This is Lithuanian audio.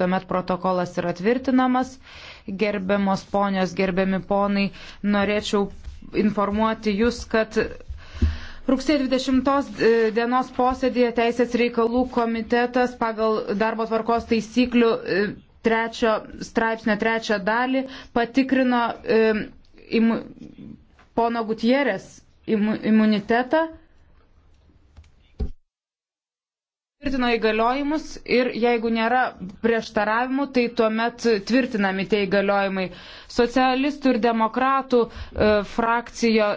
Tuomet protokolas yra tvirtinamas. Gerbiamos ponios, gerbiami ponai, norėčiau informuoti jūs, kad Rugsėjo 20 e, dienos posėdėje Teisės reikalų komitetas pagal darbo tvarkos taisyklių e, trečio, straipsnio trečią dalį patikrino e, imu, pono Gutierės imu, imunitetą tvirtino įgaliojimus ir jeigu nėra prieštaravimų, tai tuomet tvirtinami tie įgaliojimai. Socialistų ir demokratų e, frakcijo